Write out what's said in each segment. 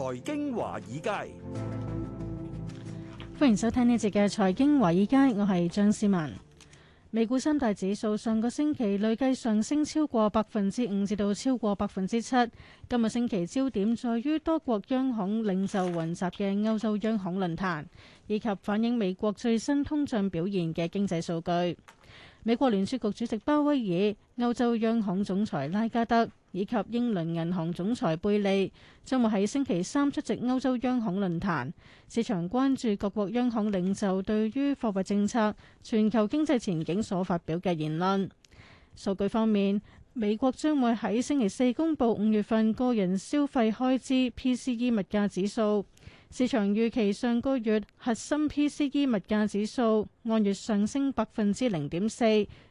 財經華爾街，歡迎收聽呢一節嘅財經華爾街，我係張思文。美股三大指數上個星期累計上升超過百分之五，至到超過百分之七。今個星期焦點在於多國央行領袖雲集嘅歐洲央行論壇，以及反映美國最新通脹表現嘅經濟數據。美國聯儲局主席鮑威爾、歐洲央行總裁拉加德以及英倫銀行總裁貝利將會喺星期三出席歐洲央行論壇，市場關注各國央行領袖對於貨幣政策、全球經濟前景所發表嘅言論。數據方面。美國將會喺星期四公布五月份個人消費開支 （PCE） 物價指數，市場預期上個月核心 PCE 物價指數按月上升百分之零點四，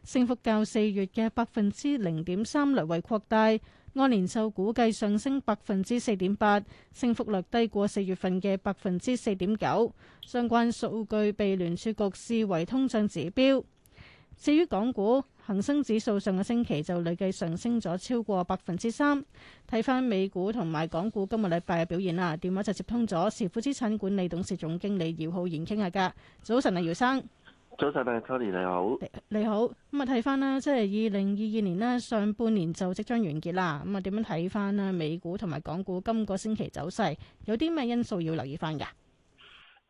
升幅較四月嘅百分之零點三略為擴大，按年就估計上升百分之四點八，升幅略低過四月份嘅百分之四點九。相關數據被聯儲局視為通脹指標。至於港股，恒生指數上個星期就累計上升咗超過百分之三。睇翻，美股同埋港股今個禮拜嘅表現啦。電話就接通咗，時富資產管理董事總經理姚浩然傾下噶。早晨啊，姚生。早晨啊，Tony，你好，你好。咁啊，睇翻啦，即係二零二二年呢上半年就即將完結啦。咁啊，點樣睇翻啦？美股同埋港股今個星期走勢有啲咩因素要留意翻噶？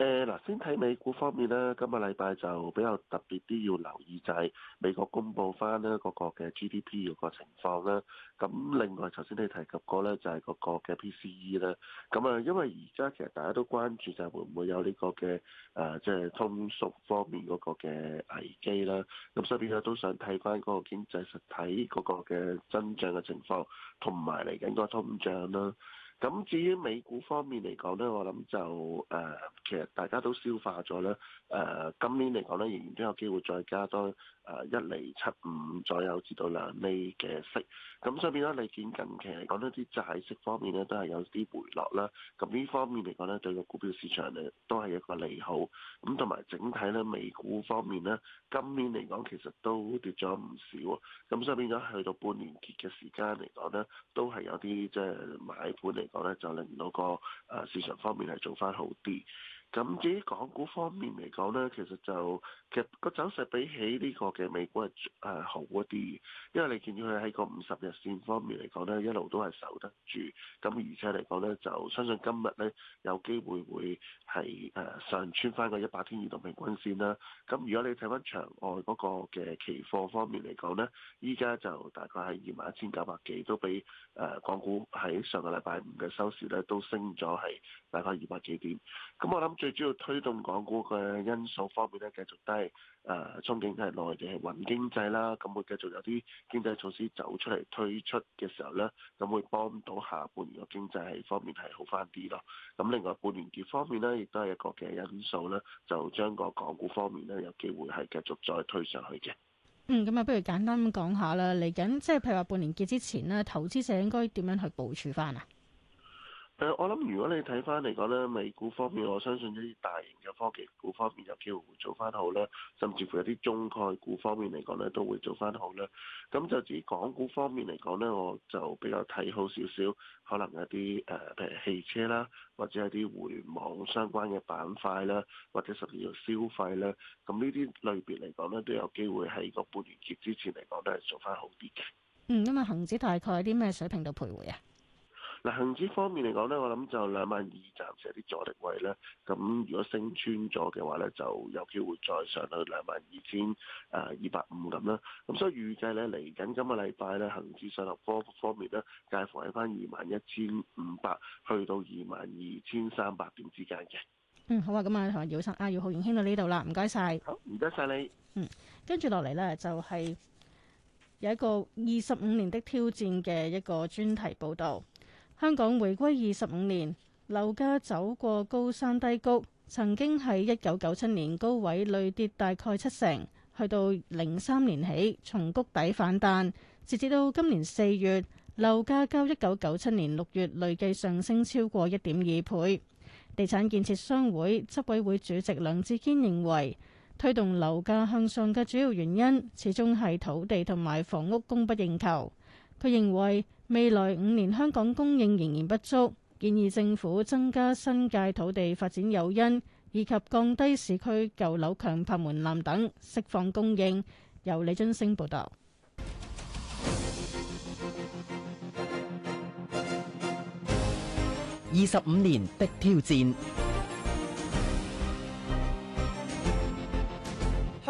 誒嗱，先睇美股方面啦，今日禮拜就比較特別啲，要留意就係美國公布翻呢個個嘅 GDP 嗰個情況啦。咁另外，頭先你提及過呢就係個個嘅 PCE 啦。咁啊，因為而家其實大家都關注就係會唔會有呢個嘅誒，即係通縮方面嗰個嘅危機啦。咁所以咧，都想睇翻嗰個經濟實體嗰個嘅增長嘅情況，同埋嚟緊個通脹啦。咁至於美股方面嚟講咧，我諗就誒、呃，其實大家都消化咗啦。誒、呃，今年嚟講咧，仍然都有機會再加多誒一厘、七、呃、五左右至到兩厘嘅息。咁所以變咗你見近期嚟講一啲債息方面咧，都係有啲回落啦。咁呢方面嚟講咧，對個股票市場咧都係一個利好。咁同埋整體咧，美股方面咧，今年嚟講其實都跌咗唔少。咁所以變咗去到半年結嘅時間嚟講咧，都係有啲即係買盤嚟。就令到個誒市場方面係做翻好啲。咁至於港股方面嚟講呢，其實就其實個走勢比起呢個嘅美股係誒、呃、好一啲，因為你見到佢喺個五十日線方面嚟講呢，一路都係守得住。咁而且嚟講呢，就相信今日呢，有機會會係誒、呃、上穿翻個一百天移動平均線啦。咁如果你睇翻場外嗰個嘅期貨方面嚟講呢，依家就大概係二萬一千九百幾，都比誒、呃、港股喺上個禮拜五嘅收市呢都升咗係大概二百幾點。咁我諗。最主要推動港股嘅因素方面咧，繼續都係、呃、憧憬都係內地嘅穩經濟啦。咁會繼續有啲經濟措施走出嚟推出嘅時候咧，咁會幫到下半年嘅經濟係方面係好翻啲咯。咁另外半年結方面咧，亦都係一個嘅因素咧，就將個港股方面咧有機會係繼續再推上去嘅。嗯，咁啊，不如簡單咁講下啦。嚟緊即係譬如話半年結之前咧，投資者應該點樣去部署翻啊？誒，我諗如果你睇翻嚟講咧，美股方面，我相信一啲大型嘅科技股方面有機會會做翻好啦，甚至乎有啲中概股方面嚟講咧，都會做翻好啦。咁就至港股方面嚟講咧，我就比較睇好少少，可能有啲誒，譬如汽車啦，或者有啲互聯網相關嘅板塊啦，或者甚至乎消費啦，咁呢啲類別嚟講咧，都有機會喺個半年結之前嚟講都係做翻好啲嘅。嗯，咁啊，恒指大概有啲咩水平度徘徊啊？嗱，恒指方面嚟講咧，我諗就兩萬二，暫時有啲阻力位啦。咁如果升穿咗嘅話咧，就有機會再上到兩萬二千誒二百五咁啦。咁所以預計咧，嚟緊今個禮拜咧，恒指上落方方面咧，介乎喺翻二萬一千五百去到二萬二千三百點之間嘅。嗯，好，我啊，咁啊，同阿姚生啊，姚浩然傾到呢度啦，唔該晒，好，唔該晒你。嗯，跟住落嚟咧，就係有一個二十五年的挑戰嘅一個專題報導。香港回歸二十五年，樓價走過高山低谷，曾經喺一九九七年高位累跌大概七成，去到零三年起從谷底反彈，直至到今年四月，樓價較一九九七年六月累計上升超過一點二倍。地產建設商會執委會主席梁志堅認為，推動樓價向上嘅主要原因始終係土地同埋房屋供不應求。佢認為未來五年香港供應仍然不足，建議政府增加新界土地發展誘因，以及降低市區舊樓強拍門檻等釋放供應。由李津升報導。二十五年的挑戰。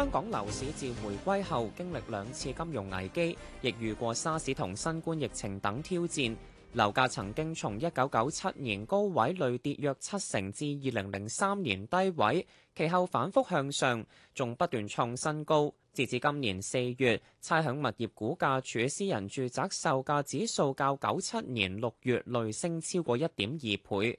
香港樓市自回歸後，經歷兩次金融危機，亦遇過沙士同新冠疫情等挑戰，樓價曾經從一九九七年高位累跌約七成至二零零三年低位，其後反覆向上，仲不斷創新高。截至今年四月，差餉物業估價署私人住宅售價指數較九七年六月累升超過一點二倍。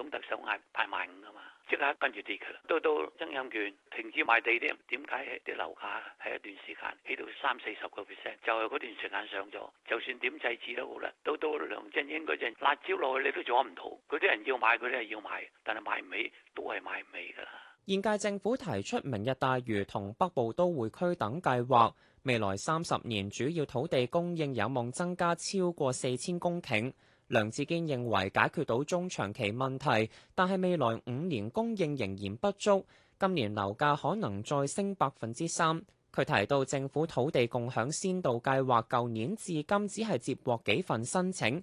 總特首壓大賣五啊嘛，即刻跟住跌佢啦。到到曾蔭權停止賣地咧，點解啲樓價喺一段時間起到三四十個 percent？就係嗰段時間上咗，就算點制止都好啦。到到梁振英嗰陣辣椒落去，你都捉唔到。嗰啲人要買，佢哋係要買，但係買唔起，都係買唔起㗎。現屆政府提出明日大嶼同北部都會區等計劃，未來三十年主要土地供應有望增加超過四千公頃。梁志堅認為解決到中長期問題，但係未來五年供應仍然不足，今年樓價可能再升百分之三。佢提到政府土地共享先導計劃，舊年至今只係接獲幾份申請。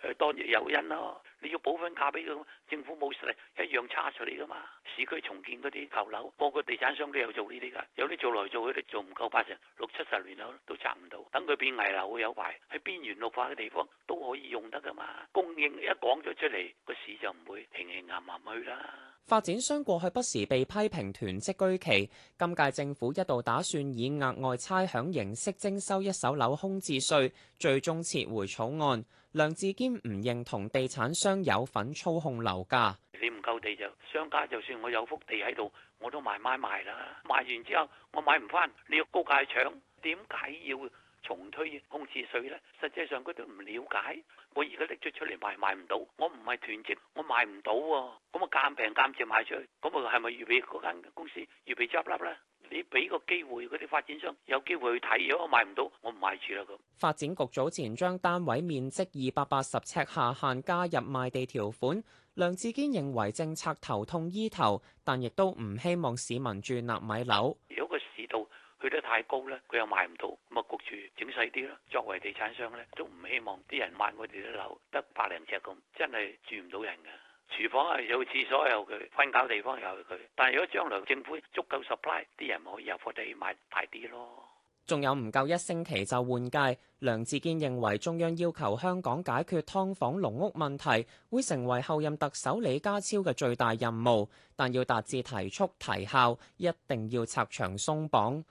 誒當然有因咯，你要補份價俾佢，政府冇實力一樣拆出嚟噶嘛。市區重建嗰啲舊樓，個個地產商都有做呢啲㗎，有啲做來做去，都做唔夠八成六七十年樓都拆唔到，等佢變危樓有排喺邊緣綠化嘅地方都可以用得噶嘛。供應一講咗出嚟，個市就唔會平平硬硬去啦。發展商過去不時被批評囤積居奇，今屆政府一度打算以額外差餉形式徵收一手樓空置稅，最終撤回草案。梁志堅唔認同地產商有份操控樓價。你唔夠地就，商家就算我有幅地喺度，我都賣賣賣啦。賣完之後我買唔翻，你要高價搶，點解要重推空置稅咧？實際上佢都唔了解。我而家拎咗出嚟賣，賣唔到，我唔係囤積，我賣唔到喎。咁啊，賤平賤賤賣出去，咁啊係咪預備嗰間公司預備執笠咧？你俾個機會嗰啲發展商有機會去睇，如果我買唔到，我唔買住啦咁。發展局早前將單位面積二百八十尺下限加入賣地條款，梁志堅認為政策頭痛醫頭，但亦都唔希望市民住納米樓。如果個市道去得太高咧，佢又賣唔到，咁啊焗住整細啲啦。作為地產商咧，都唔希望啲人買我哋啲樓，得百零尺咁，真係住唔到人㗎。廚房係有，廁所有佢，瞓覺地方有佢。但係如果將來政府足夠 supply，啲人可以入貨地買大啲咯。仲有唔夠一星期就換屆，梁志堅認為中央要求香港解決劏房、農屋問題，會成為後任特首李家超嘅最大任務。但要達至提速提效，一定要拆牆鬆綁。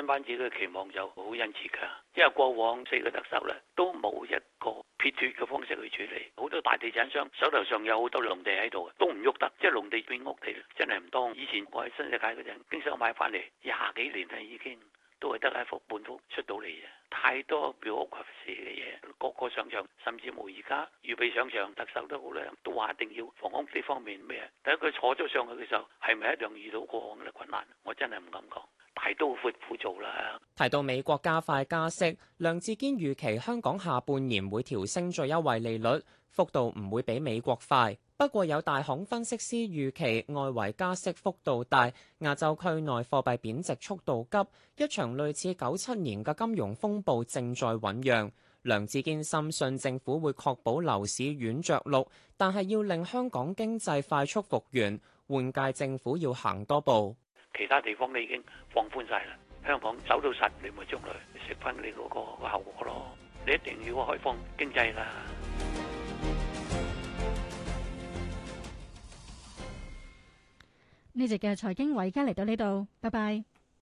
新班子嘅期望就好殷切噶，因為過往四個特首咧都冇一個撇脱嘅方式去處理，好多大地產商手頭上有好多農地喺度，都唔喐得，即係農地變屋地，真係唔當。以前我喺新世界嗰陣，經常買翻嚟廿幾年啦，已經都係得一幅半幅出到嚟嘅，太多表屋及市嘅嘢。個個上場，甚至冇而家預備上場特首都好啦，都話一定要房屋呢方面咩？第一，佢坐咗上去嘅時候，係咪一樣遇到過往嘅困難？我真係唔敢講。係都好闊，做啦。提到美國加快加息，梁志堅預期香港下半年會調升最優惠利率，幅度唔會比美國快。不過有大行分析師預期外圍加息幅度大，亞洲區內貨幣貶值速度急，一場類似九七年嘅金融風暴正在醞釀。梁志堅深信政府會確保樓市軟着陸，但係要令香港經濟快速復原，換屆政府要行多步。其他地方你已經放寬曬啦，香港走到實，你咪將來食翻你嗰個個後果咯。你一定要開放經濟啦。呢集嘅財經華爾街嚟到呢度，拜拜。